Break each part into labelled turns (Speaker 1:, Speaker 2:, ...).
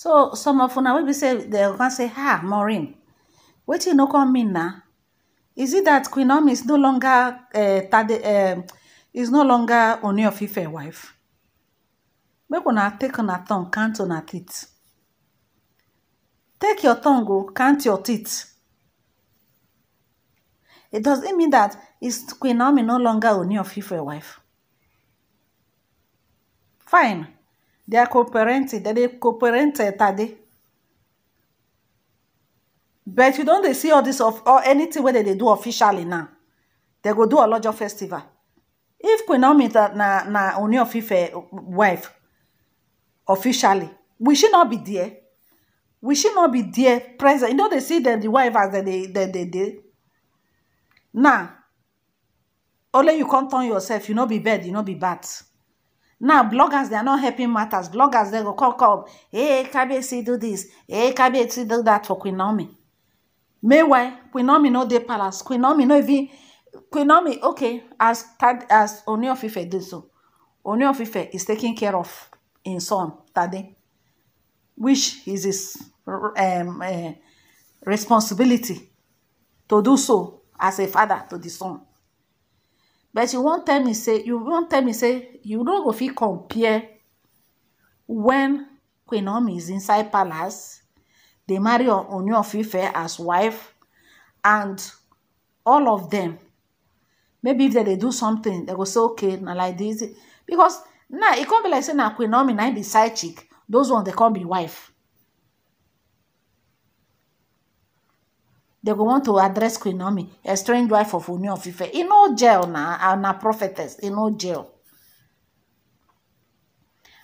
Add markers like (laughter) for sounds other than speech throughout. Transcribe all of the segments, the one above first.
Speaker 1: so some of una wey be say dem come say ah maureen wetin e no come mean na is it that queen naomi is no longer uh, uh is no longer oni of ife wife make una take una tongue count una teeth take your tongue o oh, count your teeth it doesn't mean that is queen naomi no longer oni of ife wife fine Their co-parenting, dem dey co-parent But you don't see all this of or anything where they do officially now. They go do a Olojo festival. If Queen Naomi na na Ooni of Ife wife officially, will she not be there? Will she not be there present? You know they see them the wife as they they they they. Now, only you can't turn yourself. You not be bad. You not be bad. now bloggers they are not helping matters bloggers they go call call. hey KBC do this hey KBC do that for Queen Naomi meanwhile Queen Naomi no dey palace Queen Naomi no even Queen Naomi okay as as Onio of Ife do so Onio of Ife is taking care of his son Tade which is his um, uh, responsibility to do so as a father to the son but you wan tell me say you wan tell me say you don't go fit compare when queen naomi is inside palace they marry oni of ife as wife and all of them maybe if they dey do something they go say okay na like this because now it can't be like say na queen naomi na im be side chick those ones they can't be wife they go want to address queen naomi a strange wife of oni of ife In no jail now, and a prophetess in no jail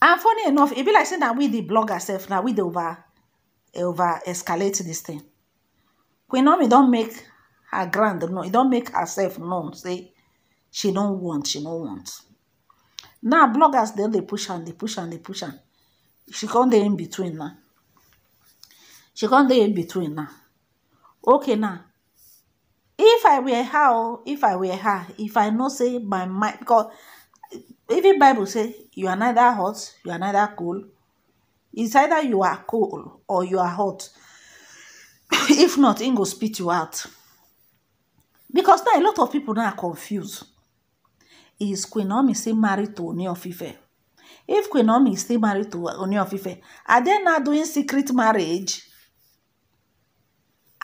Speaker 1: and funny enough it be like saying that we the blogger sef now we dey over over escalate this thing queen naomi not make her grand no don't make herself known say she don't want she no want now bloggers then they push and they push and they push am she come dey in between now she come dey in between now okay now if i were her if i were her if i know say my mind because even bible say you are neither hot you are neither cold it's either you are cold or you are hot (coughs) if not im spit you out because now a lot of people now are confused is queen naomi still married to oni if queen naomi is still married to oni are they now doing secret marriage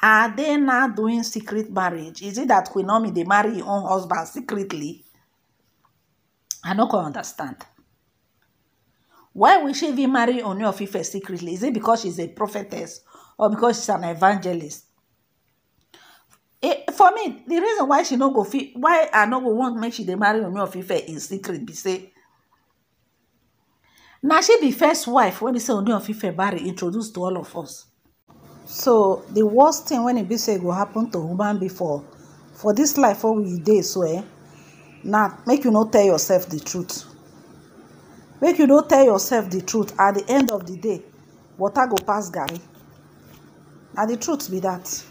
Speaker 1: are they now doing secret marriage? Is it that Queen me they marry your own husband secretly? I don't understand. Why will she even marry Ooni of Ife secretly? Is it because she's a prophetess or because she's an evangelist? It, eh, for me, the reason why she no go fit, why I no go want make she dey marry Ooni of Ife in secret be say Now she be first wife when be say Ooni of Ife marry introduced to all of us. so the worst thing when e be say go happen to woman before, for this life wey we dey so eh na make you no tell yourself the truth make you no tell yourself the truth at the end of the day water go pass garri na the truth be that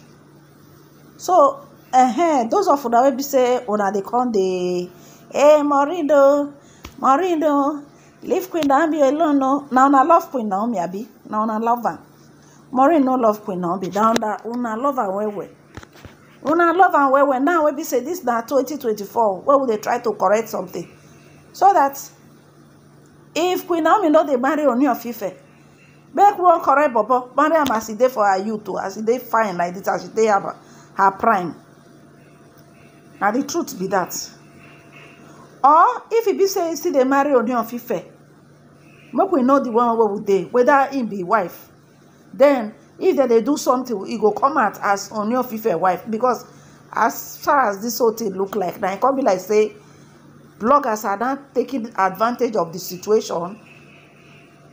Speaker 1: so uh-huh, those of una wey be say una dey come dey hey eh, morindo morindo leave queen naomi alone o na una love queen naomi abi na una love am maureen no love queen be down that una love and well well una love and well well now wey be say this na 2024 where would they try to correct something so that if queen naomi not they marry oni of ife make one correct bobo marry am as e dey for her youth o oh, as e day fine like this as she dey her her prime Now the truth be that. or if e be saying e still dey marry oni of ife make we know the one wey would they. whether im e be wife then if they they do something e go come out as on your ife wife because as far as this whole thing look like now e come be like say bloggers are not taking advantage of the situation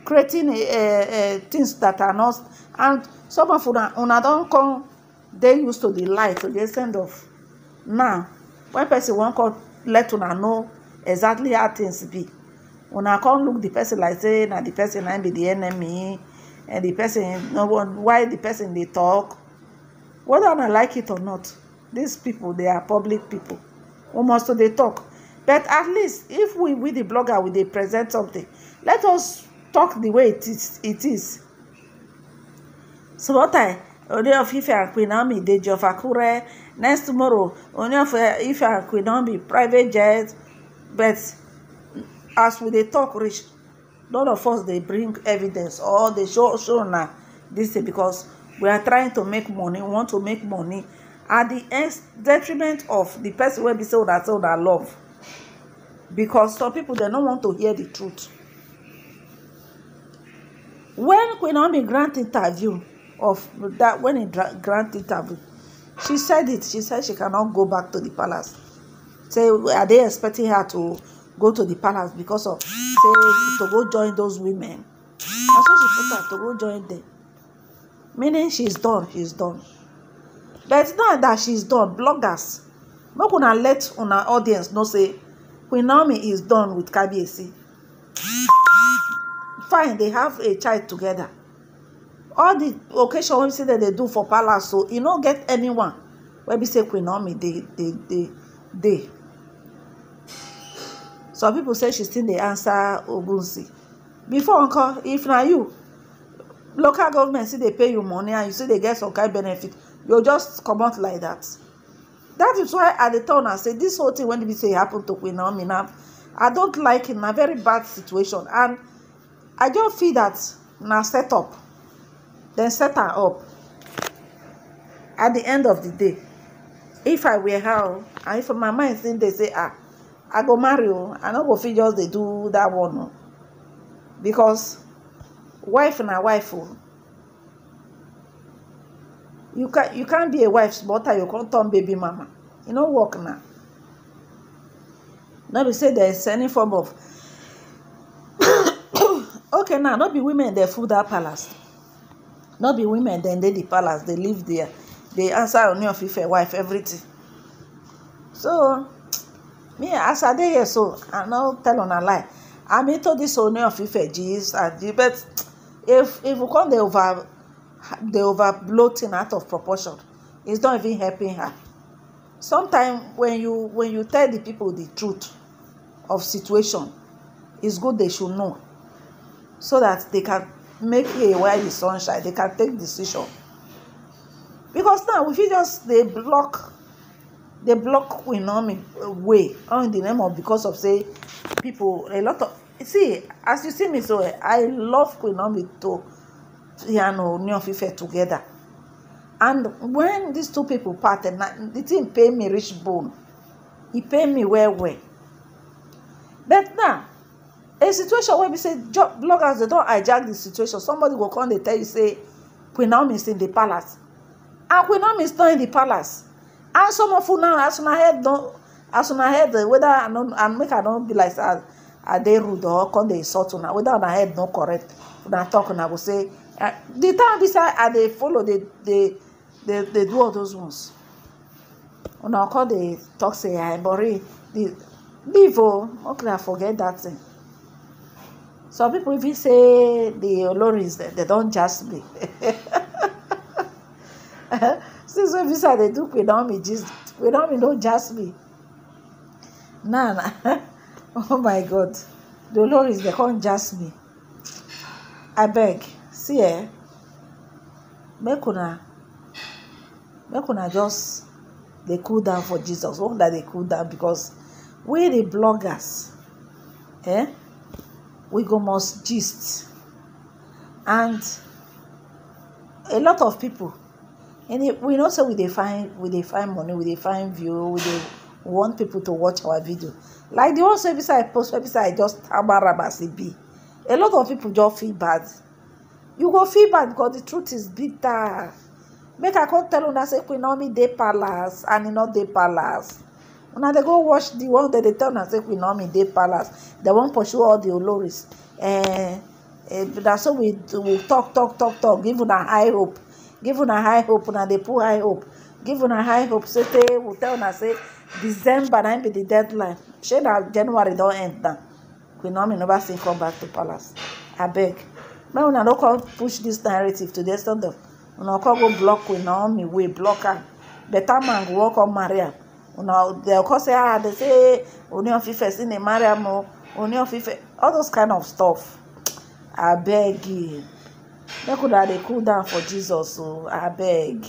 Speaker 1: creating a things that are not and some of una don't come they used to di lie to di extent of now when person wan let una know exactly how things be when I come look the person like say na the person na e be the enemy and the person no one why the person they talk whether I like it or not these people they are public people Almost must to talk but at least if we with the blogger we they present something let us talk the way it is it is So what I? Only of ife and queen naomi dey of akure next tomorrow only of eh, ife and queen naomi private jet but as we they talk rich none of us dey bring evidence or dey show show una dis thing because we are trying to make money we want to make money at the ex detriment of the person wey be say una say una love because some people dem no want to hear the truth when queen naomi grant interview of that when he grant interview she said it she said she cannot go back to the palace say are they expecting her to go to the palace because of say to go join those women na so she put am to go join them meaning she is done she is done but now that she is done bloggers make una let una audience know say queen naomi is done with kabiyesi fine they have a child together all the occasion wey be say dem dey do for palace so e no get anyone wey be say queen naomi dey dey dey dey some people say she still dey answer ogunsi before nko if na you local government still dey pay you money and you still dey get some kind benefit you just comot like that. That is why i dey tell na say this whole thing wey be say happen to queen naomi now i don't like it na very bad situation and i just feel that na set up dem set am up at the end of the day if i were her and if my mind still dey say ah i go marry you. i no go fit just dey do that one o because wife na wife o oh. you can you can't be a wife small time you come turn baby mama e no work na no be say there is any form of (coughs) okay now no be women dey full that palace no be women dem dey the palace dey live there dey answer onion fife wife everything so me as i dey here so i no tell una lie i mean to dis Ooni of Ife gist and but if if we come dey over dey over blow out of proportion it's not even helping her sometimes when you when you tell the people the truth of situation it's good they should know so that they can make hay while the sun shine they can take decision because now we fit just dey block dey block Queen Naomi way all the name of because of say people a lot of see as you see me so I love Queen Naomi to Iya and Ooni of together and when these two people parted na the thing pay me reach bone e pay me well well but now a situation wey be say bloggers dey don hijack the situation somebody go come dey tell you say Queen Naomi is in the palace and Queen Naomi is not in the palace and some of you now, as my head don't, as my head whether i no and make i don't be like say i they rude or come they insult una whether my head don't correct una talk una go say the time be say i dey follow the the the dey do all those ones una come dey talk say i bori the leave o oh, make forget that thing some people even say the oloris they don't just be. (laughs) (laughs) since wey be say i dey do predomi gist predomi no jazz me now na (laughs) oh my god the oloris dey come jazz me abeg see eh make una make una just dey cool down for jesus make una dey cool down because we the bloggers eh we go must gist and a lot of people and we know so we dey find we dey money we dey fine view we want people to watch our video like the also wey say i post website i just tabarab as e be a lot of people just feel bad you go feel bad because the truth is bitter make i tell una say queen me dey palace and e no dey palace When they go watch the one that they tell una say queen naomi dey palace won't pursue all the oloris And eh, that's eh, so we we talk talk talk talk give una high hope give una high hope una dey put high hope give una high hope say tey we tell una say december na be the deadline shey na january don end now queen naomi no still come back to palace abeg make una no come push this narrative to di extent of una come go block queen naomi way block am better man go wan come marry am una dem come say ah dey say oni of ife still dey marry am o oh. oni of all those kind of stuff abeg make una dey cool down for jesus o oh, abeg